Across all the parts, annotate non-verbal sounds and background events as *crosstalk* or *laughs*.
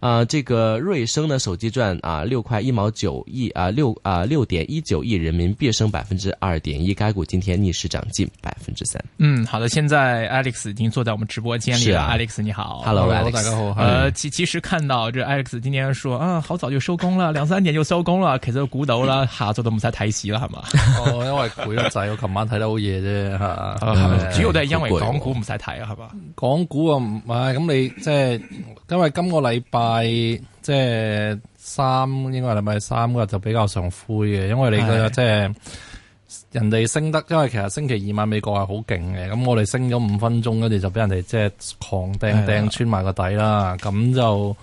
啊、呃，這個瑞聲的手機賺啊六塊一毛九億啊六啊六點一九億人民幣升百分之二點一，該股今天逆勢漲近百分之三。嗯，好的，現在 Alex 已經坐在我們直播間裏啦、啊、，Alex 你好，Hello，大家好。呃，其其實看到這 Alex 今天說，啊，好早就收工啦，兩三點就收工啦，其實都估到啦，下晝都唔使睇市啦，係嘛？哦，因為估得滯，我琴晚睇得好夜啫，吓、嗯，係咪、嗯、主要都係因為港股唔使睇啊，係嘛？港股啊唔係，咁你即係因為今個禮拜。係即係三，應該係禮拜三嗰日就比較常灰嘅，因為你個即係人哋升得，因為其實星期二晚美國係好勁嘅，咁我哋升咗五分鐘，跟住就俾人哋即係狂掟，掟穿埋個底啦，咁就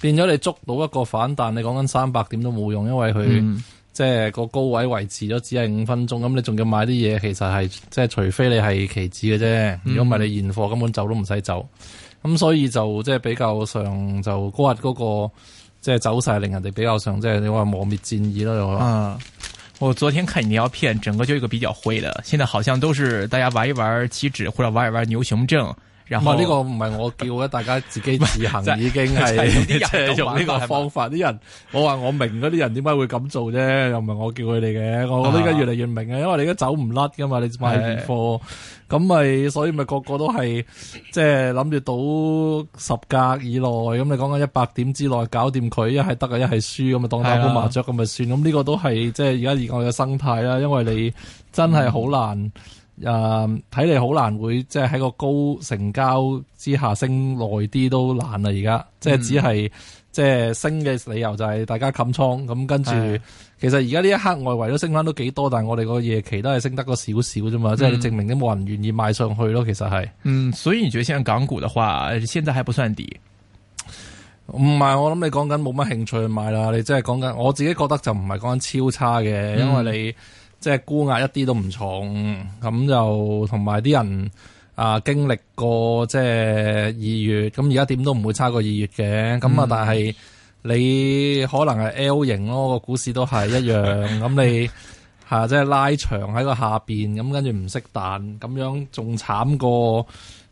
變咗你捉到一個反彈，你講緊三百點都冇用，因為佢即係個高位維持咗只係五分鐘，咁你仲要買啲嘢，其實係即係除非你係期指嘅啫，如果唔係你現貨根本走都唔使走。咁、嗯、所以就即係比較上就嗰日嗰個即係走勢令人哋比較上即係你話磨滅戰意咯。又話啊我昨天看一條片，整個就一個比較灰的，現在好像都是大家玩一玩期指或者玩一玩牛熊證。呢、呢個唔係我叫嘅， *laughs* 大家自己自行已經係、 *laughs* 就是就是、用呢個方法。啲人我話我明嗰啲人點解會咁做啫？又唔係我叫佢哋嘅。我覺得而家越嚟越明啊，因為你而家走唔甩噶嘛，你買現貨，咁咪是的 所以咪個個都係即係諗住賭十格以內。咁你講緊一百點之內搞掂佢，一係得嘅，一係輸咁咪當打副麻雀咁咪算。咁呢是的 個都係即係而家而家嘅生態啦。因為你真係好難。嗯誒，睇嚟好難會即係喺個高成交之下升耐啲都難啦，而家即係只係即係升嘅理由就係大家冚倉咁，跟住的其實而家呢一刻外圍都升翻都幾多，但係我哋個夜期都係升得個少少啫嘛，嗯、即係證明啲冇人願意賣上去咯。其實係嗯，所以而家先係港股嘅話，現在係不算跌。唔係、嗯，我諗你講緊冇乜興趣買啦。你即係講緊，我自己覺得就唔係講緊超差嘅，因為你。即係沽壓一啲都唔重，咁就同埋啲人啊經歷過即係二月，咁而家點都唔會差過二月嘅，咁啊、嗯、但係你可能係 L 型咯，個股市都係一樣，咁 *laughs* 你吓、啊、即係拉長喺個下邊，咁、嗯、跟住唔識彈，咁樣仲慘過。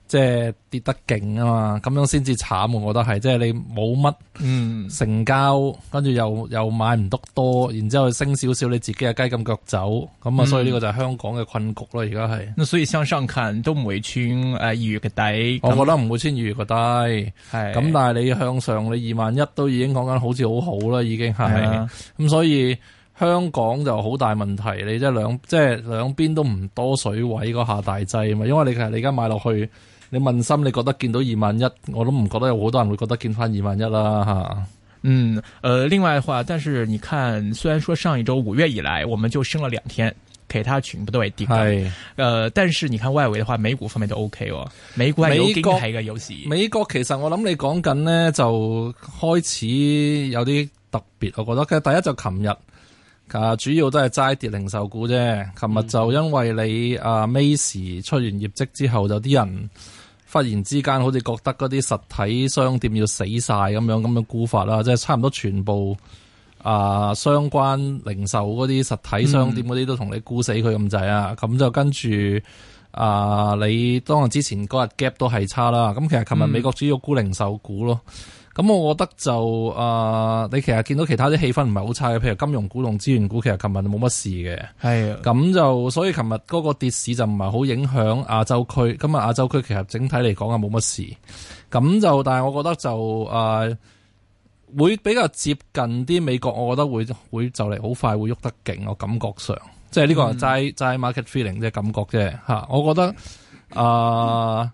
即係跌得勁啊嘛，咁樣先至慘，我覺得係，即係你冇乜成交，嗯、跟住又又買唔得多，然之後升少少，你自己嘅雞咁腳走，咁啊，嗯、所以呢個就係香港嘅困局咯，而家係。所以向上近都唔會穿誒二月嘅底，呃、那我覺得唔會穿二月嘅底。係咁那，是但係你向上你二萬一都已經講緊好似好好啦，已經係。咁的所以香港就好大問題，你即係兩即係兩,兩邊都唔多水位個下大劑，啊嘛，因為你其實你而家買落去。你問心，你覺得見到二萬一，我都唔覺得有好多人會覺得見翻二萬一啦吓。嗯，誒、呃，另外嘅話，但是你看，雖然說上一周五月以來，我們就升了兩天，其他全部都係跌。誒是、呃，但是你看外圍嘅話，美股方面都 OK 哦。美股有啲睇嘅有時。美國其實我諗你講緊呢，就開始有啲特別。我覺得其實第一就琴日，啊，主要都係齋跌零售股啫。琴日就因為你啊 Macy 出完業績之後，有啲人。忽然之間，好似覺得嗰啲實體商店要死晒咁樣，咁樣沽法啦，即係差唔多全部啊、呃、相關零售嗰啲實體商店嗰啲都同你沽死佢咁滯啊，咁就跟住啊、呃、你當日之前嗰日 gap 都係差啦，咁其實琴日美國主要沽零售股咯。咁我覺得就啊、呃，你其實見到其他啲氣氛唔係好差嘅，譬如金融股、同資源股，其實琴日冇乜事嘅。係的。咁就所以琴日嗰個跌市就唔係好影響亞洲區。今日亞洲區其實整體嚟講啊，冇乜事。咁就但係我覺得就啊、呃，會比較接近啲美國，我覺得會會就嚟好快會喐得勁。我感覺上，即係呢個就齋齋 market feeling 啫，感覺啫嚇、啊。我覺得啊。呃嗯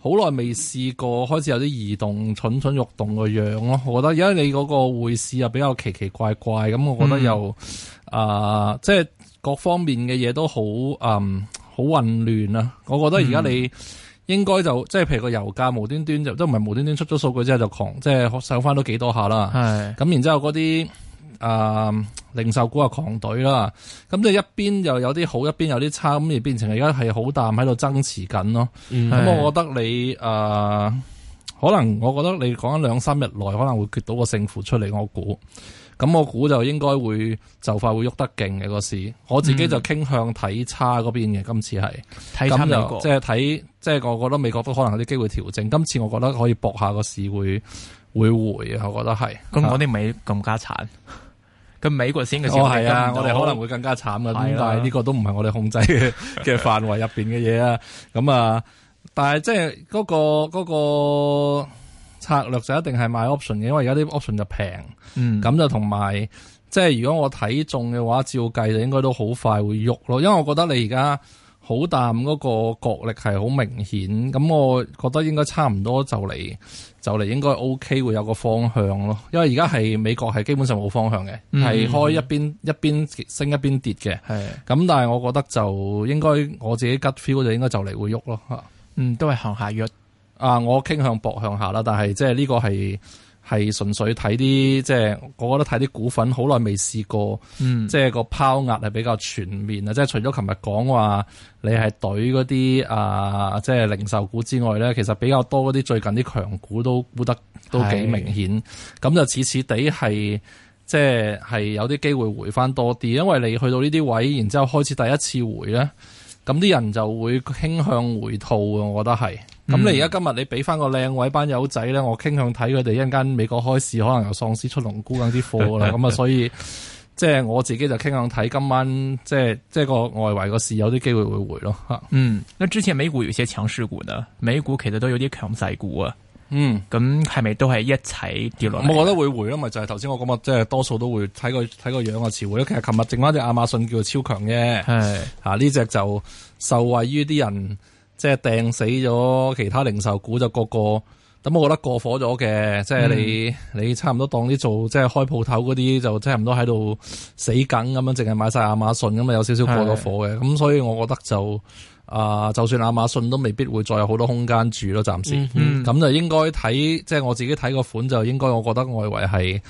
好耐未試過，開始有啲移動蠢蠢欲動嘅樣咯。我覺得而家你嗰個匯市又比較奇奇怪怪，咁我覺得又啊，即係各方面嘅嘢都好嗯好混亂啊。我覺得而家你應該就即係譬如個油價無端端就都唔係無端端出咗數據之後就狂即係上翻都幾多下啦。係咁，然之後嗰啲。誒、呃，零售股啊，狂隊啦，咁即係一邊又有啲好，一邊有啲差，咁而變成而家係好淡喺度爭持緊咯。咁我覺得你誒、呃，可能我覺得你講緊兩三日內可能會決到個勝負出嚟，我估。咁我估就應該會就快會喐得勁嘅個市。我自己就傾向睇差嗰邊嘅，今次係。睇、嗯、差即係睇，即係我覺得美國都可能有啲機會調整。今次我覺得可以博下個市會會回啊，我覺得係。咁嗰啲美更加慘。 *laughs* 咁美國先嘅先，我係啊，嗯、我哋可能會更加慘嘅，啊、但係呢個都唔係我哋控制嘅嘅範圍入邊嘅嘢啊。咁 *laughs* 啊，但係即係嗰、嗰個嗰個策略就一定係買 option 嘅，因為而家啲 option 就平，嗯，咁就同埋即係如果我睇中嘅話，照計就應該都好快會喐咯，因為我覺得你而家。好淡嗰、那個角力係好明顯，咁我覺得應該差唔多就嚟就嚟應該 O、OK, K 會有個方向咯，因為而家係美國係基本上冇方向嘅，係、嗯、開一邊一邊升一邊跌嘅，咁是但係我覺得就應該我自己 gut feel 就應該就嚟會喐咯嚇，嗯，都係向下喐啊，我傾向博向下啦，但係即係呢個係。係純粹睇啲，即係我覺得睇啲股份好耐未試過，嗯、即係個拋壓係比較全面啊！即係除咗琴日講話你係懟嗰啲啊，即係零售股之外咧，其實比較多嗰啲最近啲強股都沽得都幾明顯，咁是就似似地係即係有啲機會回翻多啲，因為你去到呢啲位，然之後開始第一次回咧，咁啲人就會傾向回吐啊，我覺得係。咁、嗯、你而家今日你俾翻個靚位班友仔咧，我傾向睇佢哋一陣間美國開市，可能有喪屍出籠沽緊啲貨啦。咁啊，所以即係、就是、我自己就傾向睇今晚，即係即係個外圍個市有啲機會會回咯。嗯，那之前美股有些強勢股啊，美股其實都有啲強勢股啊。嗯，咁係咪都係一齊跌落嚟？我覺得會回咯，咪就係頭先我講話，即、就、係、是、多數都會睇個睇個樣個詞會咯。其實琴日剩翻隻亞馬遜叫做超強嘅，係的啊呢隻就受惠於啲人。即係掟死咗其他零售股就個個，咁我覺得過火咗嘅，嗯。即係你你差唔多當啲做即係開鋪頭嗰啲，就差唔多喺度死梗咁樣，淨係買晒亞馬遜咁啊，有少少過咗火嘅。咁是所以我覺得就啊、呃，就算亞馬遜都未必會再有好多空間住咯，暫時，嗯哼。咁就應該睇，即係我自己睇個款就應該，我覺得外圍係。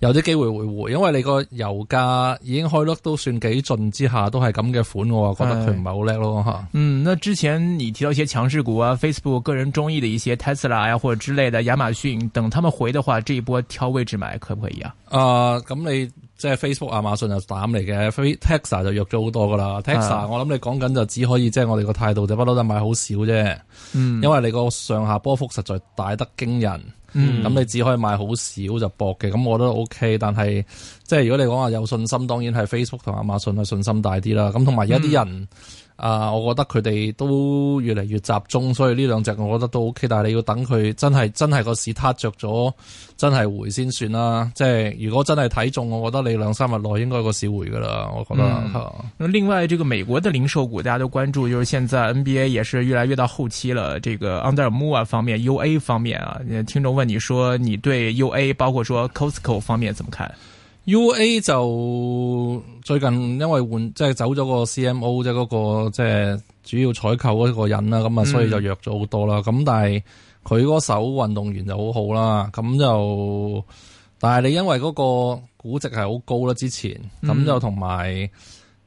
有啲機會回回，因為你個油價已經開得都算幾盡之下，都係咁嘅款嘅話，覺得佢唔係好叻咯吓。嗯，那之前你提到一些強勢股啊，Facebook 個人中意的一些 Tesla 啊，或者之類的，亞馬遜等，他們回的話，這一波挑位置買可唔可以啊？誒、呃，咁你即係 Facebook、亞、就是、馬遜就膽嚟嘅，Tesla 就弱咗好多噶啦。嗯、Tesla 我諗你講緊就只可以即係、就是、我哋個態度就不嬲都買好少啫，嗯，因為你個上下波幅實在大得驚人。咁你、嗯嗯、只可以買好少就搏嘅，咁我覺得 OK 但。但係即係如果你講話有信心，當然係 Facebook 同亞馬遜係信心大啲啦。咁同埋而家啲人啊、嗯呃，我覺得佢哋都越嚟越集中，所以呢兩隻我覺得都 OK。但係你要等佢真係真係個市撻着咗，真係回先算啦。即係如果真係睇中，我覺得你兩三日內應該個市回噶啦。我覺得。咁、嗯嗯、另外，呢個美國的零售股大家都關注，就是現在 NBA 也是越嚟越到後期了。呢個 Under Armour 方面、U A 方面啊，聽眾。咁你說你對 U A 包括說 Costco 方面怎麼看？U A 就最近因為換即係走咗個 C M O 即係、嗰個即係、就是、主要採購嗰個人啦，咁啊、嗯、所以就弱咗好多啦。咁但係佢嗰手運動員就好好啦。咁就但係你因為嗰個估值係好高啦，之前咁、嗯、就同埋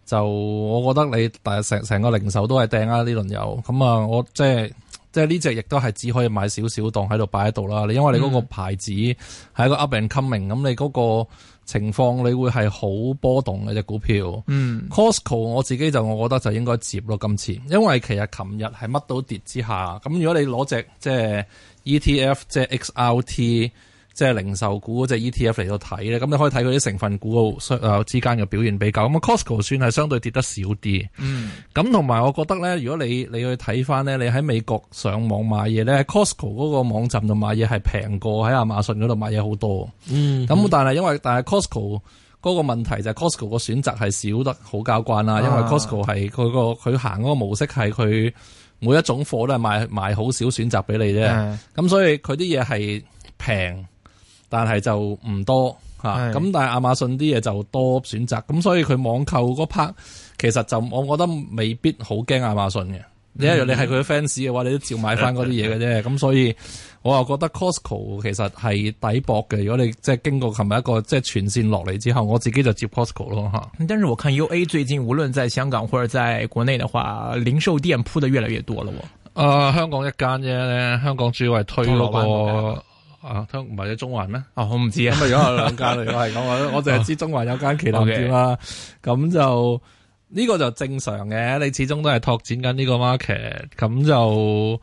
就我覺得你但係成成個零售都係掟啦呢輪有咁啊，我即係。就是即係呢隻亦都係只可以買少少檔喺度擺喺度啦，你因為你嗰個牌子係一個 up and coming，咁你嗰個情況你會係好波動嘅隻股票。嗯，Costco 我自己就我覺得就應該接咯，今次，因為其實琴日係乜都跌之下，咁如果你攞隻即係 ETF 即係 XLT。即係零售股嗰隻 ETF 嚟到睇咧，咁你可以睇佢啲成分股相誒之間嘅表現比較。咁 Costco 算係相對跌得少啲。嗯。咁同埋，我覺得咧，如果你你去睇翻咧，你喺美國上網買嘢咧，Costco 嗰個網站度買嘢係平過喺亞馬遜嗰度買嘢好多。嗯。咁但係因為但係 Costco 嗰個問題就係 Costco 個選擇係少得好交關啦，啊、因為 Costco 係佢佢行嗰個模式係佢每一種貨咧賣賣好少選擇俾你啫。咁所以佢啲嘢係平。嗯嗯嗯但係就唔多嚇，咁但係亞馬遜啲嘢就多選擇，咁所以佢網購嗰 part 其實，就我覺得未必好驚亞馬遜嘅。你若你係佢嘅 fans 嘅話，你都照買翻嗰啲嘢嘅啫。咁所以我又覺得 Costco 其實係抵博嘅。如果你即係經過琴日一個即係全線落嚟之後，我自己就接 Costco 咯嚇。但是我看 UA 最近無論在香港或者在國內的話，零售店鋪得越嚟越多咯。誒，香港一間啫，香港主要係推嗰啊，通唔係喺中環咩？哦、啊，我唔知啊，咁啊，如果有兩間嚟，我係咁，我我淨係知中環有間旗艦店啦。咁 Okay. 就呢、這個就正常嘅，你始終都係拓展緊呢個 market。咁就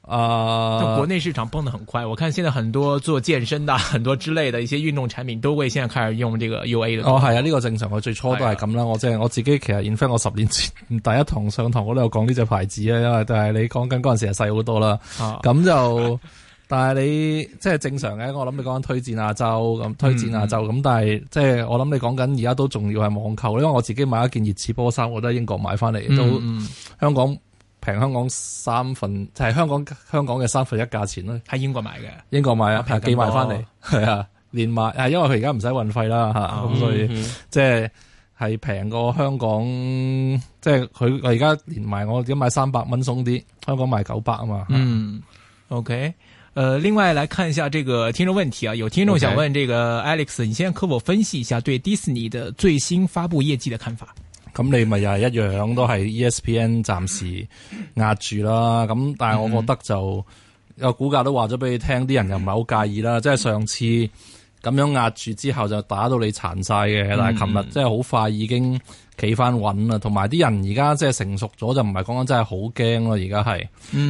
啊，國內市場蹦、呃、得很快，我看現在很多做健身的，很多之類的一些運動產品都會現在開始用呢個 UA 哦，係啊，呢、這個正常，我最初都係咁啦。啊、我即係我自己，其實 in fact 我十年前第一堂上堂，我都有講呢隻牌子啊，因為但係你講緊嗰陣時係細好多啦。啊，咁就。 *laughs* *laughs* 但係你即係正，正常嘅。我諗你講緊推薦亞洲咁，推薦亞洲咁。嗯、但係即係我諗你講緊而家都仲要係網購。因為我自己買一件熱刺波衫，我都喺英國買翻嚟，嗯、都香港平香港三分就係、係、香港香港嘅三分一價錢咯。喺英國買嘅，英國買平寄埋翻嚟係啊，連埋啊，因為佢而家唔使運費啦吓，咁、嗯、所以即係係平過香港。即係佢我而家連埋我點買三百蚊鬆啲，香港賣九百啊嘛。嗯，嗯，OK。呃、另外來看一下這個聽眾問題啊，有聽眾想問這個 Alex，Okay. 你先可否分析一下對迪士尼的最新發佈業績的看法？咁你咪又係一樣，都係 ESPN 暫時壓住啦。咁但係我覺得就個股價都話咗俾你聽，啲人又唔係好介意啦。即係上次咁樣壓住之後就打到你殘晒嘅，但係琴日即係好快已經。嗯企翻穩啊，同埋啲人而家即係成熟咗，就唔係講緊真係好驚咯。而家係，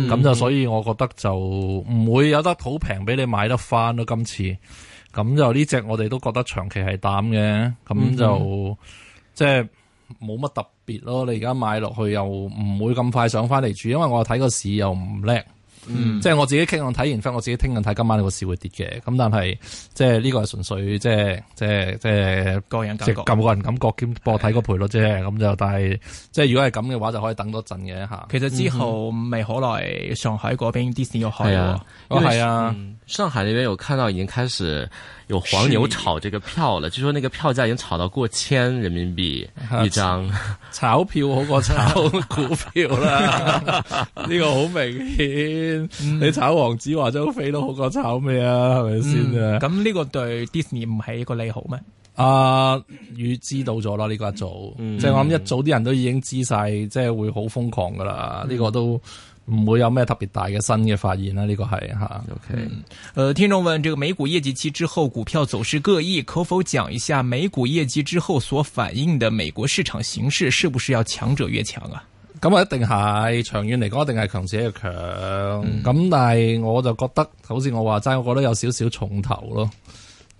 咁就、嗯、所以我覺得就唔會有得好平俾你買得翻咯。今次，咁就呢隻我哋都覺得長期係膽嘅，咁就、嗯、即係冇乜特別咯。你而家買落去又唔會咁快上翻嚟住，因為我睇個市又唔叻。嗯，即係我自己傾向，嗯、我睇完翻，我自己傾向睇今晚個市會跌嘅，咁但係即係呢個係純粹即係即係即係個人感覺、嗯，個人感覺兼博睇個賠率啫，咁就、嗯，但係即係如果係咁嘅話，就可以等多陣嘅吓。其實之後、嗯、哼未好耐，上海嗰邊迪士尼又開啊，我係啊，上海那邊有、啊啊嗯、看到已經開始。有黃牛炒這個票啦，據說那個票價已經炒到過千人民幣一張，啊，炒票好過炒股票啦，呢 *laughs* *laughs* 個好明顯。嗯、你炒黃子華張飛都好過炒咩啊？係咪先啊？咁呢、嗯、個對 Disney 唔係一個利好咩？阿宇、啊、知道咗啦，呢、個一早，即係、嗯、我諗一早啲人都已經知晒，即係會好瘋狂噶啦，呢、嗯、個都。唔會有咩特別大嘅新嘅發現啦，呢、這個係吓。OK，誒、嗯呃，聽眾問：這個美股業績期之後，股票走勢各異，可否講一下美股業績之後所反映的美國市場形勢，是不是要強者越強啊？咁啊、嗯，嗯、一定係長遠嚟講，一定係強者越強。咁、嗯、但係我就覺得，好似我話齋，我覺得有少少重頭咯。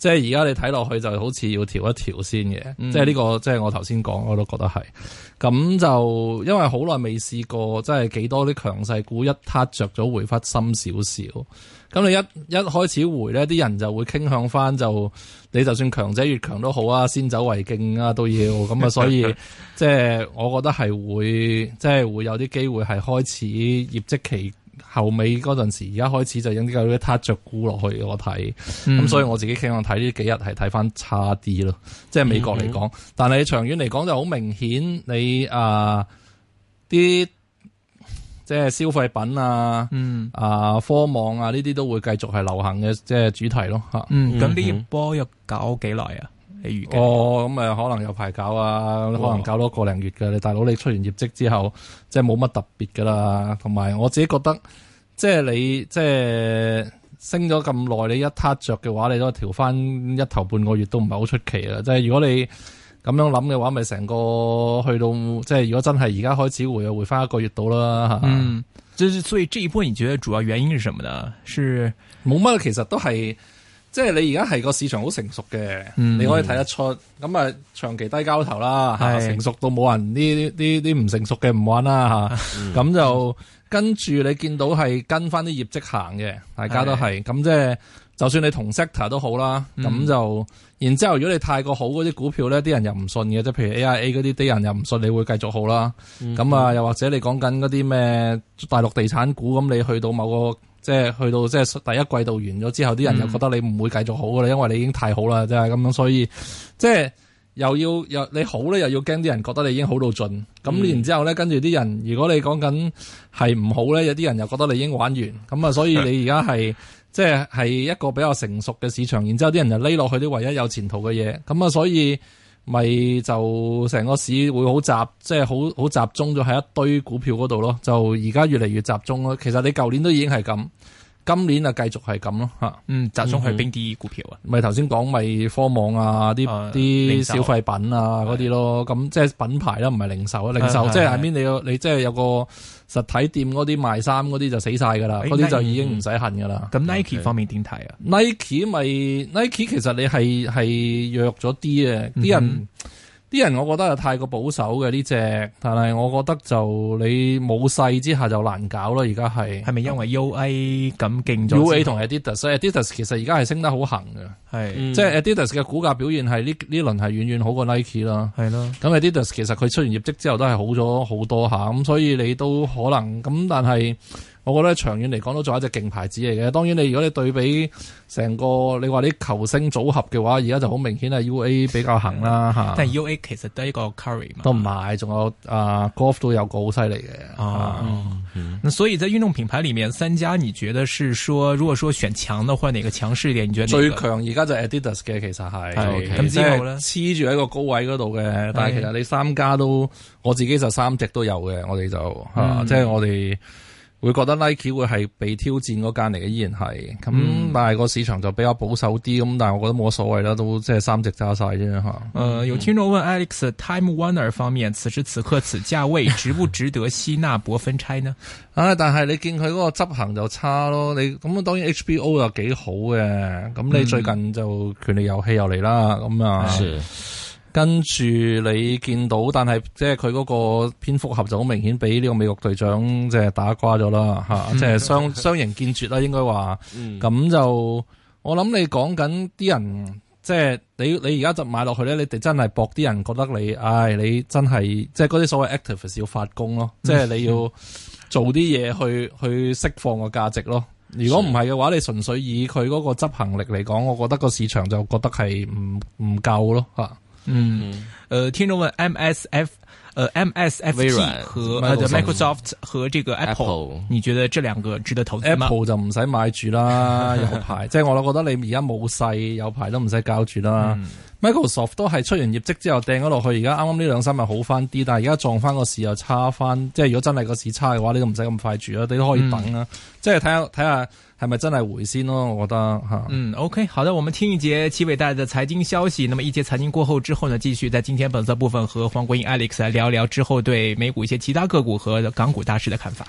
即係而家你睇落去就好似要調一調先嘅，嗯、即係呢個即係我頭先講，我都覺得係。咁就因為好耐未試過，即係幾多啲強勢股一揗着咗回忽深少少。咁你一一開始回咧，啲人就會傾向翻，就你就算強者越強都好啊，先走為敬啊都要。咁啊，所以即係我覺得係會即係會有啲機會係開始業績期，後尾嗰陣時，而家開始就應該一塌着沽落去，我睇。咁、嗯、所以我自己希望睇呢幾日係睇翻差啲咯。即係美國嚟講，嗯、哼但係長遠嚟講就好明顯，你啊啲即係消費品啊，嗯啊科網啊呢啲都會繼續係流行嘅即係主題咯嚇。咁呢、嗯嗯、哼波要搞幾耐啊？哦，咁、嗯、啊，可能有排搞啊，可能搞多個零月噶。哦、你大佬，你出完業績之後，即係冇乜特別噶啦。同埋我自己覺得，即係你即係升咗咁耐，你一撻着嘅話，你都調翻一頭半個月都唔係好出奇啦。即係如果你咁樣諗嘅話，咪成個去到即係如果真係而家開始回啊，回翻一個月到啦。嗯，是所以呢一波你覺得主要原因是什麼呢？是冇乜，其實都係。即係你而家係個市場好成熟嘅，你可以睇得出。咁啊，長期低交投啦，成熟到冇人呢啲啲唔成熟嘅唔玩啦嚇。咁就跟住你見到係跟翻啲業績行嘅，大家都係。咁即係就算你同 sector 都好啦。咁就然之後，如果你太過好嗰啲股票咧，啲人又唔信嘅，即係譬如 AIA 嗰啲，啲人又唔信你會繼續好啦。咁啊，又或者你講緊嗰啲咩大陸地產股，咁你去到某個。即係去到即係第一季度完咗之後，啲人又覺得你唔會繼續好噶啦，因為你已經太好啦，即係咁樣。所以即係又要又你好咧，又要驚啲人覺得你已經好到盡。咁然、嗯、之後咧，跟住啲人如果你講緊係唔好咧，有啲人又覺得你已經玩完。咁啊，所以你而家係即係係一個比較成熟嘅市場。然之後啲人就匿落去啲唯一有前途嘅嘢。咁啊，所以。咪就成個市會好集，即係好好集中咗喺一堆股票嗰度囉。就而家越嚟越集中囉。其實你舊年都已經係噉。今年啊，繼續係咁咯吓，嗯，集中去邊啲股票啊？咪頭先講，咪科網啊，啲啲消費品啊嗰啲、呃、咯，咁即係品牌啦，唔係零售啊，零售、嗯、袖即係下邊你個你即係有個實體店嗰啲賣衫嗰啲就死晒㗎喇，嗰啲、哎、就已經唔使恨㗎喇。咁、嗯、Nike 方面點睇啊 Okay.？Nike 咪 Nike 其實你係係弱咗啲啊，啲人、嗯。啲人我覺得係太過保守嘅呢隻，但係我覺得就你冇勢之下就難搞咯。而家係係咪因為 UA 咁勁咗？UA 同 Adidas，所以、啊、Adidas 其實而家係升得好行嘅。係是，即係 Adidas 嘅股價表現係呢呢輪係遠遠好過 Nike 啦的。係咯，咁 Adidas 其實佢出完業績之後都係好咗好多下，咁所以你都可能咁，但係。嗯我覺得長遠嚟講都仲係一隻勁牌子嚟嘅。當然你如果你對比成個你話啲球星組合嘅話，而家就好明顯係 U A 比較行啦，吓、嗯。但 U A 其實得一個 Curry 嘛，都唔係，仲有啊、呃、Golf 都有個好犀利嘅。所以在運動品牌裏面，三家你覺得是說，如果說選強的或者哪個強勢啲，你覺得最強而家就 Adidas 嘅其實係，咁之後咧，黐住喺個高位嗰度嘅。但係其實你三家都，我自己就三隻都有嘅。我哋就即係、嗯嗯、我哋。會覺得 Nike 會係被挑戰嗰間嚟嘅，依然係咁，嗯、但係個市場就比較保守啲，咁但係我覺得冇所謂啦，都即係三隻揸晒啫吓。誒、嗯，嗯、有聽眾問 Alex，Time Warner 方面，此時此刻此價位 *laughs* 值不值得吸納博分差呢？啊，但係你見佢嗰個執行就差咯，你咁啊，當然 HBO 又幾好嘅，咁你最近就權力遊戲又嚟啦，咁、嗯嗯、啊。跟住你見到，但係即係佢嗰個蝙蝠俠就好明顯，俾呢個美國隊長即係打瓜咗啦嚇，即係相形見絀啦、啊，應該話咁就我諗你講緊啲人，即係你你而家就買落去咧，你哋真係搏啲人覺得你唉、哎，你真係即係嗰啲所謂 activist 要發功咯，嗯、即係你要做啲嘢去、嗯嗯、去釋放個價值咯。如果唔係嘅話，你純粹以佢嗰個執行力嚟講，我覺得個市場就覺得係唔唔夠咯嚇。嗯，誒、呃，聽眾問 M、呃、S F，誒 M S F 微軟和 Microsoft 和這個 Apple, Apple，你覺得這兩個值得投資嗎？Apple 就唔使買住啦，有牌， *laughs* 即係我諗覺得你而家冇勢，有牌都唔使交住啦。嗯 Microsoft 都係出完業績之後掟咗落去，而家啱啱呢兩三日好翻啲，但係而家撞翻個市又差翻，即係如果真係個市差嘅話，你都唔使咁快住啦，你都可以等啊。嗯、即係睇下睇下係咪真係回先咯，我覺得嚇。嗯，OK，好嘅，我們聽一節奇偉帶嘅財經消息。那麼一節財經過後之後呢，繼續在今天本色部分和黃國英 Alex 來聊聊之後對美股一些其他個股和港股大市嘅看法。